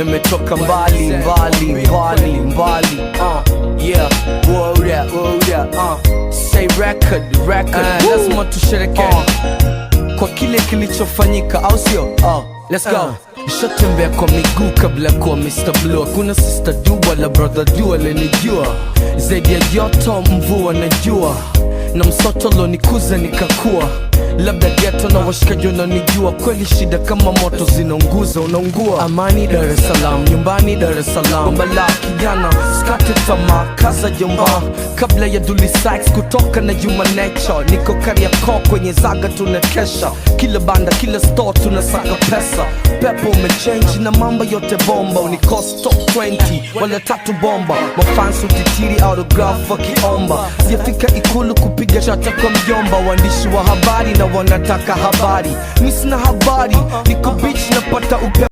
imetoka mbali mbali mbali mbali uh, yeah Warrior, warrior, uh. say record, record. Uh, lazima tushereke uh, kwa kile kilichofanyika au sio uh, let's go uh. Nishatembea kwa miguu kabla kuwa Mr. Blue. Hakuna sister dua la brother dua lenijua zaidi ya joto, mvua na jua na msoto lonikuza nikakua, labda geto na washikaji wananijua. Kweli shida kama moto zinaunguza, unaungua. Amani daressalam nyumbani Dar es kijana Kukata tamaa, kaza jomba kabla ya Dully Sykes kutoka na Human Nature. Niko kariako kwenye zaga tunakesha, kila banda kila store tunasaka pesa. Pepo umechange na mamba yote bomba, unikos top 20 wala tatu bomba. Mafans utitiri autograph wakiomba, sijafika ikulu kupiga shata kwa mjomba. Waandishi wa habari na wanataka habari, nisina sina habari, niko bich napata upe